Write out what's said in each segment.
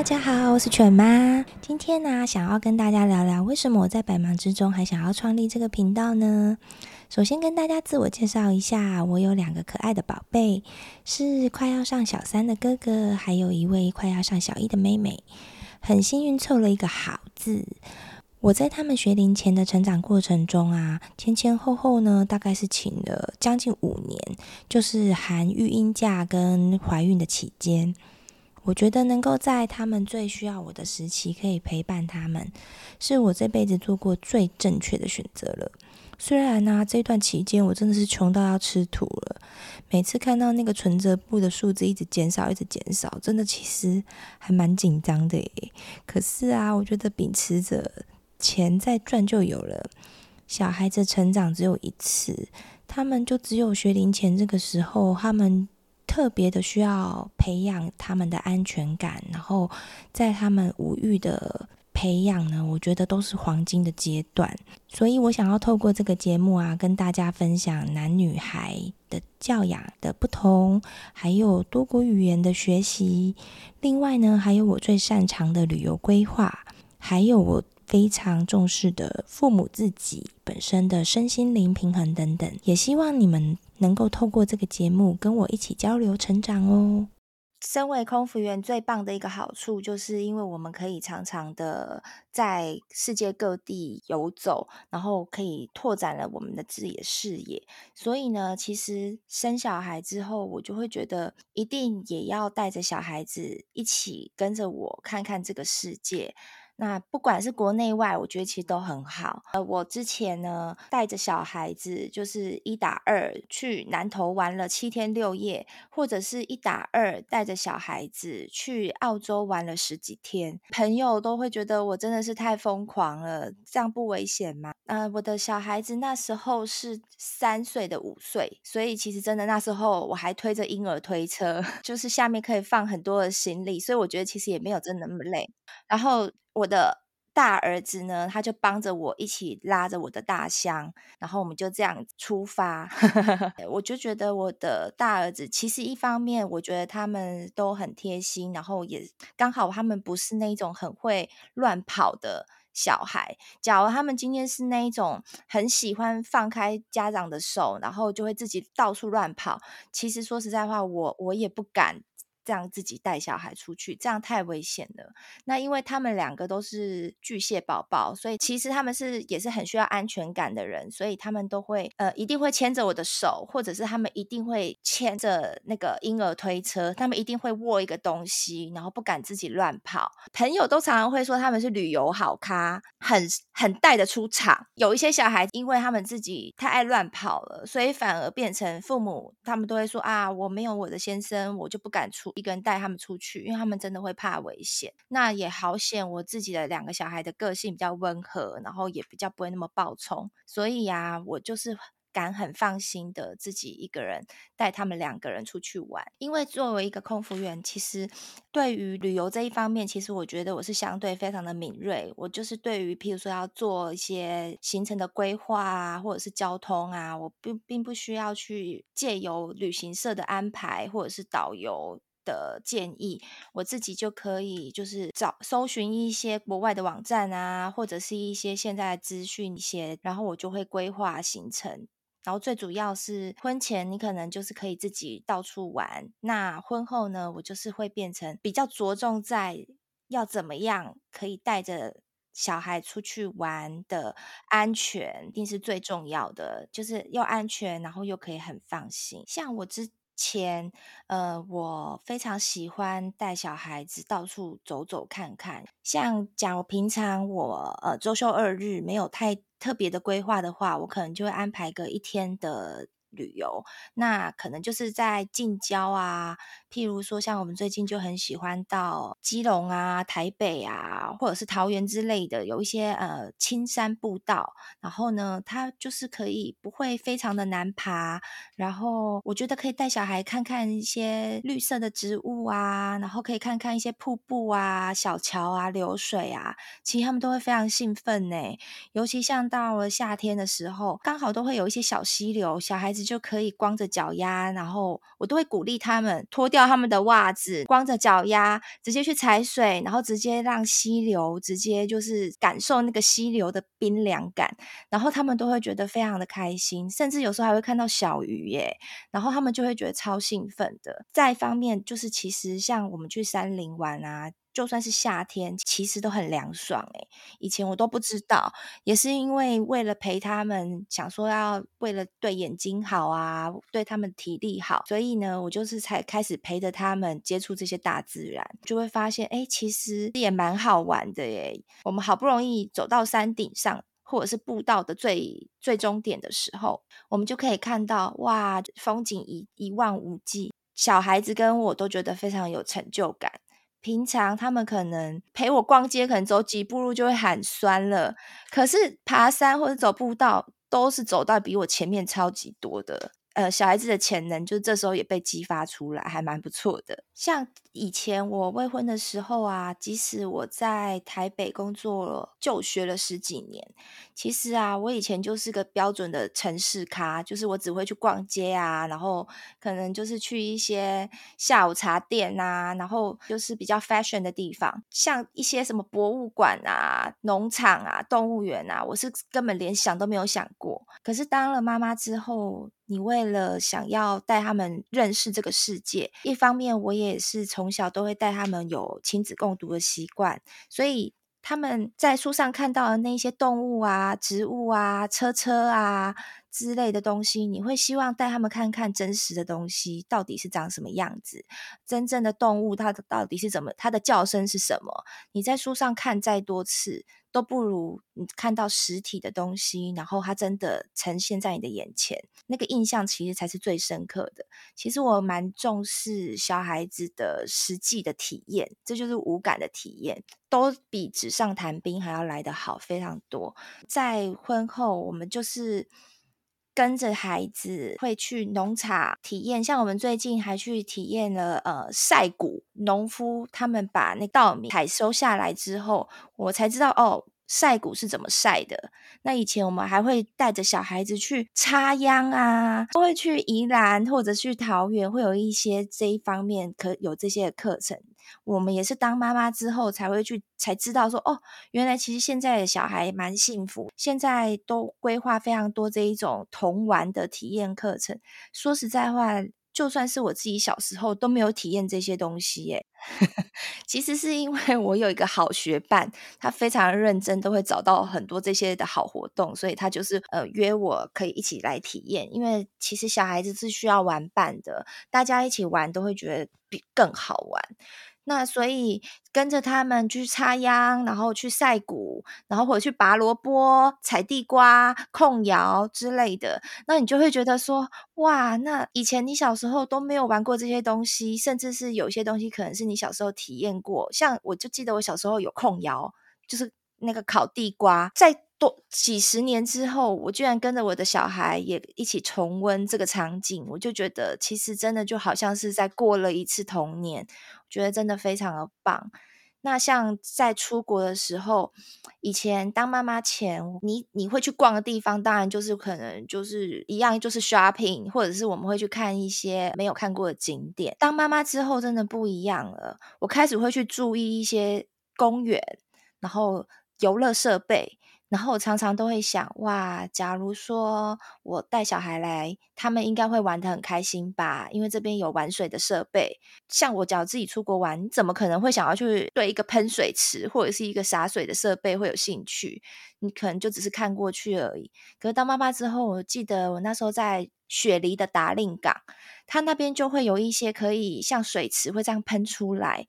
大家好，我是犬媽。今天呢、啊，想要跟大家聊聊為什麼我在百忙之中還想要創立這個頻道呢？首先跟大家自我介紹一下，我有兩個可愛的寶貝，是快要上小三的哥哥，還有一位快要上小一的妹妹。很幸運湊了一個好字。我在他們學齡前的成長過程中啊，前前後後呢，大概是請了將近五年，就是含育嬰假跟懷孕的期間。我覺得能夠在他們最需要我的時期可以陪伴他們，是我這輩子做過最正確的選擇了。雖然呢、啊，這段期間我真的是窮到要吃土了，每次看到那個存摺簿的數字一直減少，一直減少，真的其實還蠻緊張的耶。可是啊，我覺得秉持着錢再賺就有了，小孩子成長只有一次，他們就只有學齡前這個時候，他們。特別的需要培養，他們的安全感，然後在他們五育的培養呢，我覺得都是黃金的階段。所以我想要透過這個節目啊，跟大家分享男女孩的教養的不同，還有多國語言的學習。另外呢，還有我最擅長的旅遊規劃，還有我非常重視的父母自己本身的身心靈平衡等等。也希望你們。能夠透過這個節目跟我一起交流成長哦。身為空服員最棒的一個好處，就是因為我們可以常常的在世界各地遊走，然後可以拓展了我們的自己的視野。所以呢，其實生小孩之後，我就會覺得一定也要帶着小孩子一起跟着我看看這個世界。那不管是國內外，我覺得其實都很好。呃，我之前呢帶着小孩子，就是一打二去南投玩了七天六夜，或者是一打二帶着小孩子去澳洲玩了十幾天，朋友都會覺得我真的是太瘋狂了，這樣不危險嗎？呃，我的小孩子那時候是三歲的五歲，所以其實真的那時候我還推着嬰兒推車，就是下面可以放很多的行李，所以我覺得其實也沒有真的那麼累，然後。我的大兒子呢，他就幫着我一起拉着我的大箱，然後我們就這樣出發。 我就覺得我的大兒子，其實一方面我覺得他們都很貼心，然後也剛好他們不是那種很會亂跑的小孩。假如他們今天是那一種很喜歡放開家長的手，然後就會自己到處亂跑，其實說實在話，我我也不敢。這樣自己帶小孩出去，這樣太危險了。那因為他們兩個都是巨蟹寶寶，所以其實他們是也是很需要安全感的人，所以他們都會呃，一定會牽着我的手，或者是他們一定會牽着那個嬰兒推車，他們一定會握一個東西，然後不敢自己亂跑。朋友都常常會說他們是旅遊好咖，很很帶得出場。有一些小孩，因為他們自己太愛亂跑了，所以反而變成父母，他們都會說啊，我沒有我的先生，我就不敢出。一個人帶他們出去，因為他們真的會怕危險。那也好險，我自己的兩個小孩的個性比較溫和，然後也比較不會那麼暴衝，所以啊，我就是敢很放心的自己一個人帶他們兩個人出去玩。因為作為一個空服員，其實對於旅遊這一方面，其實我覺得我是相對非常的敏銳。我就是對於，譬如說要做一些行程的規劃啊，或者是交通啊，我並並不需要去借由旅行社的安排，或者是導遊。的建議，我自己就可以就是找搜尋一些國外的網站啊，或者是一些現在的資訊一些，然後我就會規劃行程。然後最主要是婚前，你可能就是可以自己到處玩。那婚後呢，我就是會變成比較着重在要怎麼樣可以帶着小孩出去玩的安全，一定是最重要的，就是要安全，然後又可以很放心。像我之。前呃，我非常喜歡帶小孩子到處走走看看。像講，我平常我呃，周休二日沒有太特別的規劃的話，我可能就會安排個一天的。旅遊，那可能就是在近郊啊，譬如說像我們最近就很喜歡到基隆啊、台北啊，或者是桃園之類的，有一些呃青山步道，然後呢，它就是可以不會非常的難爬，然後我覺得可以帶小孩看看一些綠色的植物啊，然後可以看看一些瀑布啊、小橋啊、流水啊，其實他們都會非常興奮呢、欸，尤其像到了夏天的時候，剛好都會有一些小溪流，小孩子。就可以光着腳丫，然後我都會鼓勵他們脫掉他們的襪子，光着腳丫直接去踩水，然後直接讓溪流直接就是感受那個溪流的冰涼感，然後他們都會覺得非常的開心，甚至有時候還會看到小魚耶，然後他們就會覺得超興奮的。再一方面，就是其實像我們去山林玩啊。就算是夏天，其實都很涼爽欸，以前我都不知道，也是因為為了陪他們，想說要為了對眼睛好啊，對他們體力好，所以呢，我就是才開始陪着他們接觸這些大自然，就會發現，欸，其實也蠻好玩的耶。我們好不容易走到山頂上，或者是步道的最最終點的時候，我們就可以看到，哇，風景一一望無際，小孩子跟我都覺得非常有成就感。平常他們可能陪我逛街，可能走幾步路就會喊酸了，可是爬山或者走步道，都是走到比我前面超級多的。呃，小孩子的潛能，就是這時候也被激發出來，還蠻不錯的。像以前我未婚的時候啊，即使我在台北工作了、就學了十幾年，其實啊，我以前就是個標準的城市咖，就是我只會去逛街啊，然後可能就是去一些下午茶店啊，然後就是比較 fashion 的地方，像一些什麼博物館啊、農場啊、動物園啊，我是根本連想都沒有想過。可是當了媽媽之後，你為了想要帶他們認識這個世界，一方面我也是從小都會帶他們有親子共讀的習慣，所以他們在書上看到的那些動物啊、植物啊、車車啊。之類的東西，你會希望帶他們看看真實的東西到底是長什麼樣子？真正的動物，它到底是怎麼？它的叫聲是什麼？你在書上看再多次，都不如你看到實體的東西，然後它真的呈現在你的眼前，那個印象其實才是最深刻的。其實我蠻重視小孩子的實際的體驗，這就是五感的體驗，都比紙上談兵還要來得好非常多。在婚後，我們就是。跟着孩子會去農場體驗，像我們最近還去體驗了呃曬穀，農夫他們把那稻米採收下來之後，我才知道哦曬穀是怎麼曬的。那以前我們還會帶着小孩子去插秧啊，都會去宜蘭或者去桃園，會有一些這一方面可有這些課程。我們也是當媽媽之後才會去，才知道說哦，原來其實現在的小孩蠻幸福，現在都規劃非常多這一種童玩的體驗課程。說實在話，就算是我自己小時候都沒有體驗這些東西耶、欸。 其實是因為我有一個好學伴，他非常認真，都會找到很多這些的好活動，所以他就是呃約我可以一起來體驗。因為其實小孩子是需要玩伴的，大家一起玩都會覺得比更好玩。那所以跟着他們去插秧，然後去曬穀，然後回去拔蘿蔔、採地瓜、控窯之類的，那你就會覺得說，哇，那以前你小時候都沒有玩過這些東西，甚至是有些東西可能是你小時候體驗過，像我就記得我小時候有控窯，就是那個烤地瓜，在。多，幾十年之後，我居然跟着我的小孩也一起重溫這個場景，我就覺得其實真的就好像是在過了一次童年，我覺得真的非常的棒。那像在出國的時候，以前當媽媽前，你你會去逛的地方，當然就是可能就是一樣，就是 shopping，或者是我們會去看一些沒有看過的景點。當媽媽之後，真的不一樣了，我開始會去注意一些公園，然後遊樂設備。然後我常常都會想，哇，假如說我帶小孩來，他們應該會玩得很開心吧？因為這邊有玩水的設備，像我只要自己出國玩，怎麼可能會想要去對一個噴水池或者是一個灑水的設備會有興趣？你可能就只是看過去而已。可是當媽媽之後，我記得我那時候在雪梨的達令港，他那邊就會有一些可以像水池會這樣噴出來，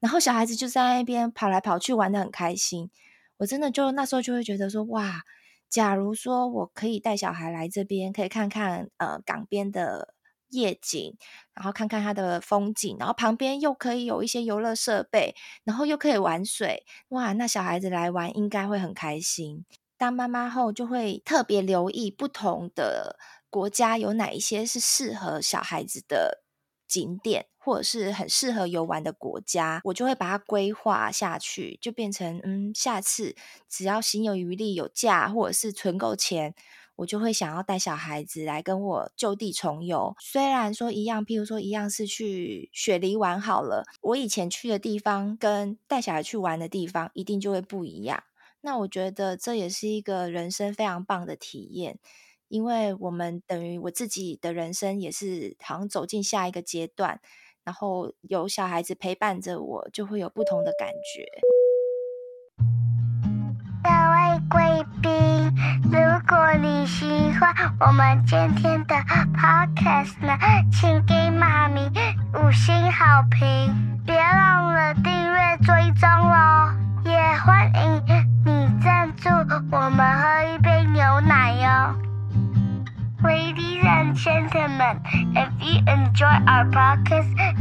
然後小孩子就在那邊跑來跑去，玩得很開心。我真的就那時候就會覺得說，哇，假如說我可以帶小孩來這邊，可以看看呃港邊的夜景，然後看看它的風景，然後旁邊又可以有一些遊樂設備，然後又可以玩水，哇，那小孩子來玩應該會很開心。當媽媽後就會特別留意不同的國家有哪一些是適合小孩子的景點。或者是很適合遊玩的國家，我就會把它規劃下去，就變成嗯，下次只要行有餘力、有假，或者是存夠錢，我就會想要帶小孩子來跟我舊地重遊。雖然說一樣，譬如說一樣是去雪梨玩好了，我以前去的地方跟帶小孩去玩的地方一定就會不一樣。那我覺得這也是一個人生非常棒的體驗，因為我們等於我自己的人生也是好像走進下一個階段。然後有小孩子陪伴着我，就會有不同的感覺。各位貴賓，如果你喜歡我們今天的 podcast 呢，請給媽咪五星好評，別忘了訂閱追蹤哦。也歡迎你贊助我們喝一杯牛奶喲。Ladies and gentlemen, if you enjoy our podcast,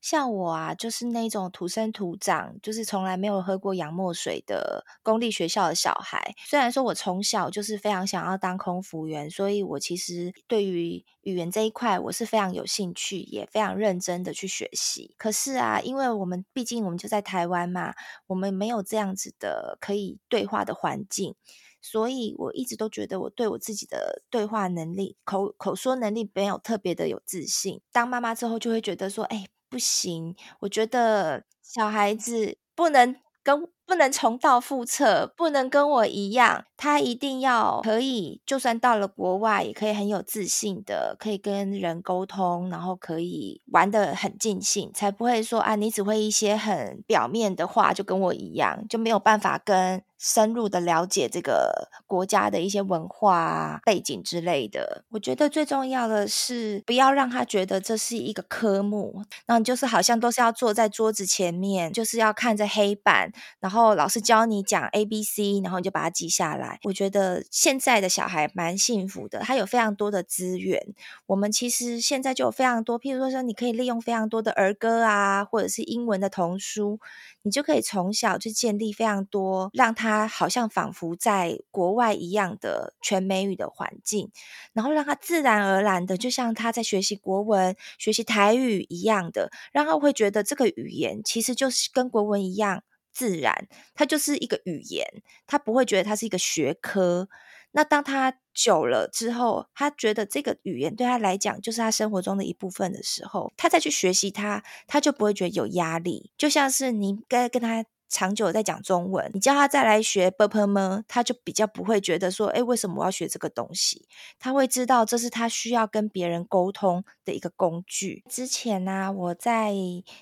像我啊，就是那種土生土長，就是從來沒有喝過洋墨水的公立學校的小孩。雖然說，我從小就是非常想要當空服員，所以我其實對於語言這一塊，我是非常有興趣，也非常認真的去學習。可是啊，因為我們畢竟我們就在台灣嘛，我們沒有這樣子的可以對話的環境，所以我一直都覺得我對我自己的對話能力、口口說能力沒有特別的有自信。當媽媽之後，就會覺得說，哎、欸。不行，我覺得小孩子不能跟。不能重蹈覆轍，不能跟我一樣，他一定要可以，就算到了國外，也可以很有自信的，可以跟人溝通，然後可以玩得很盡興，才不會說啊，你只會一些很表面的話，就跟我一樣，就沒有辦法更深入的了解這個國家的一些文化背景之類的。我覺得最重要的是，不要讓他覺得這是一個科目，那你就是好像都是要坐在桌子前面，就是要看着黑板，然後。然後老師教你講 ABC，然後你就把它記下來。我覺得現在的小孩蠻幸福的，他有非常多的資源。我們其實現在就有非常多，譬如說，說你可以利用非常多的兒歌啊，或者是英文的童書，你就可以從小就建立非常多，讓他好像仿佛在國外一樣的全美語的環境，然後讓他自然而然的，就像他在學習國文、學習台語一樣的，然後會覺得這個語言其實就是跟國文一樣。自然，他就是一個語言，他不會覺得他是一個學科。那當他久了之後，他覺得這個語言對他來講就是他生活中的一部分的時候，他再去學習它，他就不會覺得有壓力。就像是你跟跟他長久的在講中文，你叫他再來學 ㄅㄆㄇ，他就比較不會覺得說，哎，為什麼我要學這個東西？他會知道這是他需要跟別人溝通。一個工具。之前呢、啊，我在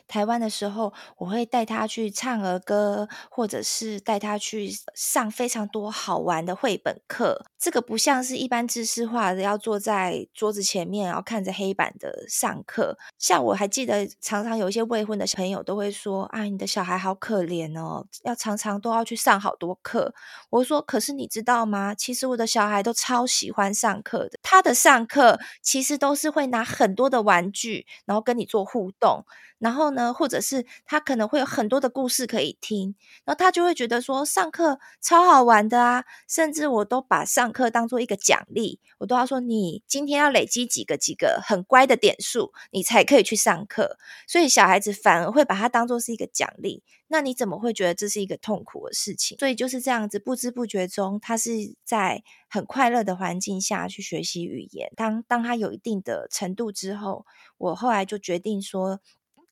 台灣的時候，我會帶他去唱兒歌，或者是帶他去上非常多好玩的繪本課。這個不像是一般知識化的，要坐在桌子前面，然後看着黑板的上課。像我還記得，常常有一些未婚的朋友都會說：“啊、哎，你的小孩好可憐哦，要常常都要去上好多課。”我說：“可是你知道嗎？其實我的小孩都超喜歡上課的。他的上課其實都是會拿很。”很多的玩具，然後跟你做互動，然後呢，或者是他可能會有很多的故事可以聽，然後他就會覺得說上課超好玩的啊！甚至我都把上課當做一個獎勵，我都要說你今天要累積幾個幾個很乖的點數，你才可以去上課。所以小孩子反而會把它當作是一個獎勵。那你怎麼會覺得這是一個痛苦的事情？所以就是這樣子，不知不覺中，他是在很快樂的環境下去學習語言。當當他有一定的程度之後，我後來就決定說，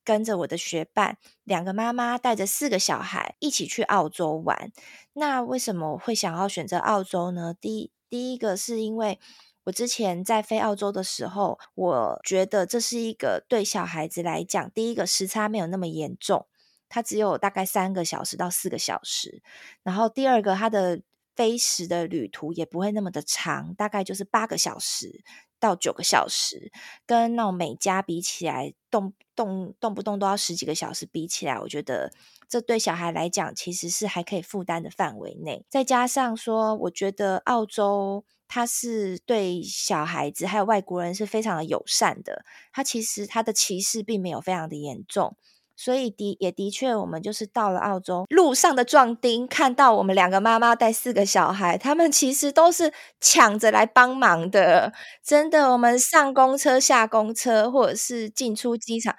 跟着我的學伴，兩個媽媽帶着四個小孩一起去澳洲玩。那為什麼會想要選擇澳洲呢？第一第一個是因為我之前在飛澳洲的時候，我覺得這是一個對小孩子來講，第一個時差沒有那麼嚴重。它只有大概三個小時到四個小時，然後第二個它的飛時的旅途也不會那麼的長，大概就是八個小時到九個小時，跟那種美加比起來，動動動不動都要十幾個小時比起來，我覺得這對小孩來講其實是還可以負擔的範圍內。再加上說，我覺得澳洲它是對小孩子還有外國人是非常的友善的，它其實它的歧視並沒有非常的嚴重。所以的也的確，我們就是到了澳洲路上的壯丁，看到我們兩個媽媽帶四個小孩，他們其實都是搶着來幫忙的。真的，我們上公車、下公車，或者是進出機場，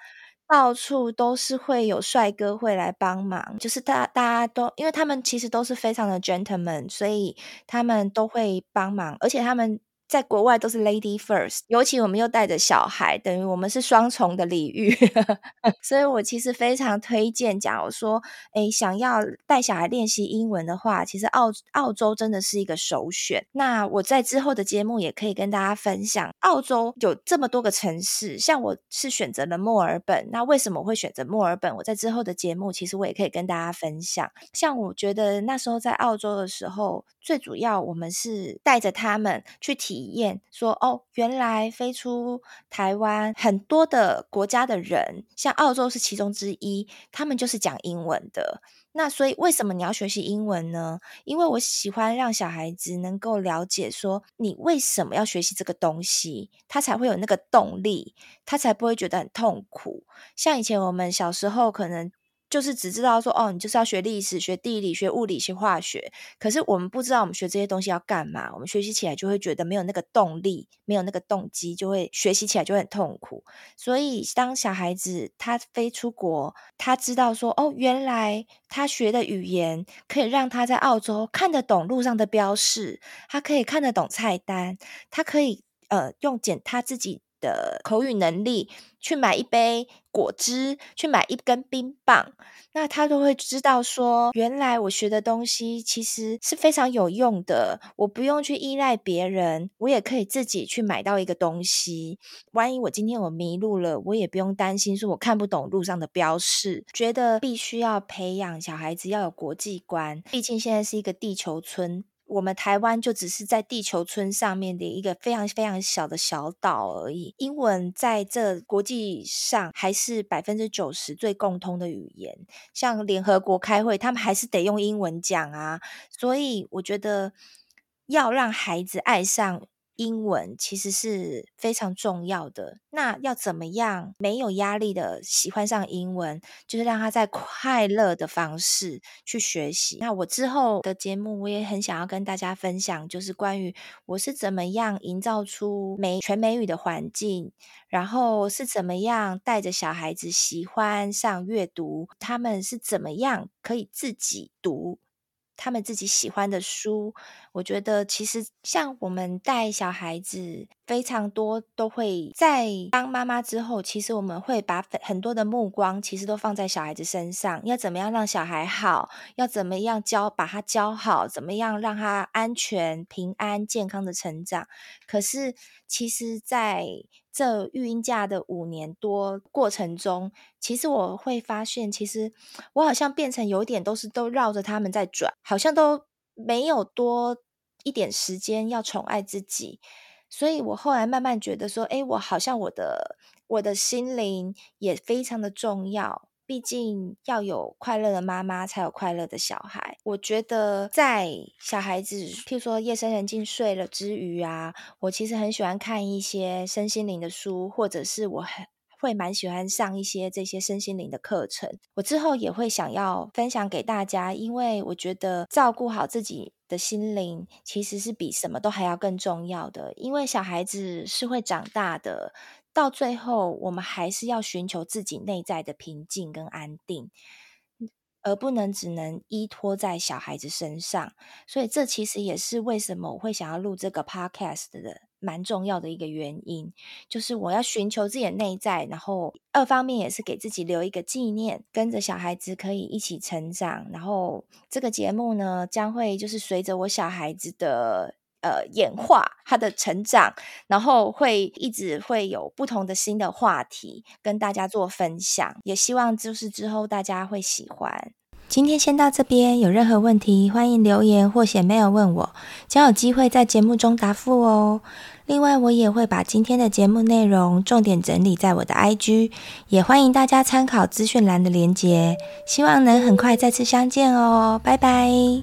到處都是會有帥哥會來幫忙。就是大大家都，因為他們其實都是非常的 gentleman，所以他們都會幫忙，而且他們。在國外都是 lady first，尤其我們又帶着小孩，等於我們是雙重的禮遇， 所以我其實非常推薦。假如說，哎，想要帶小孩練習英文的話，其實澳澳洲真的是一個首選。那我在之後的節目也可以跟大家分享，澳洲有這麼多個城市，像我是選擇了墨爾本。那為什麼我會選擇墨爾本？我在之後的節目其實我也可以跟大家分享。像我覺得那時候在澳洲的時候，最主要我們是帶着他們去體。體驗說哦，原來飛出台灣很多的國家的人，像澳洲是其中之一，他們就是講英文的。那所以，為什麼你要學習英文呢？因為我喜歡讓小孩子能夠了解說，你為什麼要學習這個東西，他才會有那個動力，他才不會覺得很痛苦。像以前我們小時候，可能。就是只知道說哦，你就是要學歷史、學地理、學物理、學化學。可是我們不知道我們學這些東西要幹嘛，我們學習起來就會覺得沒有那個動力，沒有那個動機，就會學習起來就很痛苦。所以當小孩子他飛出國，他知道說哦，原來他學的語言可以讓他在澳洲看得懂路上的標示，他可以看得懂菜單，他可以呃用簡他自己。的口語能力去買一杯果汁，去買一根冰棒，那他都會知道說，原來我學的東西其實是非常有用的。我不用去依賴別人，我也可以自己去買到一個東西。萬一我今天我迷路了，我也不用擔心說我看不懂路上的標示，覺得必須要培養小孩子要有國際觀，畢竟現在是一個地球村。我們台灣就只是在地球村上面的一個非常非常小的小島而已。英文在這國際上還是百分之九十最共通的語言，像聯合國開會，他們還是得用英文講啊。所以我覺得要讓孩子愛上。英文其實是非常重要的。那要怎麼樣沒有壓力的喜歡上英文？就是讓他在快樂的方式去學習。那我之後的節目，我也很想要跟大家分享，就是關於我是怎麼樣營造出美全美語的環境，然後是怎麼樣帶着小孩子喜歡上閱讀，他們是怎麼樣可以自己讀，他們自己喜歡的書，我覺得其實像我們帶小孩子，非常多都會在當媽媽之後，其實我們會把很多的目光，其實都放在小孩子身上，要怎麼樣讓小孩好，要怎麼樣教，把他教好，怎麼樣讓他安全、平安、健康的成長。可是其實，在這育嬰假的五年多過程中，其實我會發現，其實我好像變成有點都是都繞着他們在轉，好像都沒有多一點時間要寵愛自己，所以我後來慢慢覺得說，誒，我好像我的我的心靈也非常的重要。畢竟要有快樂的媽媽，才有快樂的小孩。我覺得在小孩子，譬如說夜深人靜睡了之餘啊，我其實很喜歡看一些身心靈的書，或者是我很會蠻喜歡上一些這些身心靈的課程。我之後也會想要分享給大家，因為我覺得照顧好自己的心靈，其實是比什麼都還要更重要的。因為小孩子是會長大的。到最後，我們還是要尋求自己內在的平靜跟安定，而不能只能依托在小孩子身上。所以，這其實也是為什麼我會想要錄這個 podcast 的蠻重要的一個原因，就是我要尋求自己的內在，然後二方面也是給自己留一個紀念，跟着小孩子可以一起成長。然後，這個節目呢，將會就是隨着我小孩子的。呃，演化它的成長，然後會一直會有不同的新的話題跟大家做分享，也希望就是之後大家會喜歡。今天先到這邊，有任何問題歡迎留言或寫 mail 問我，將有機會在節目中答覆哦。另外，我也會把今天的節目內容重點整理在我的 IG，也歡迎大家參考資訊欄的連結，希望能很快再次相見哦。拜拜。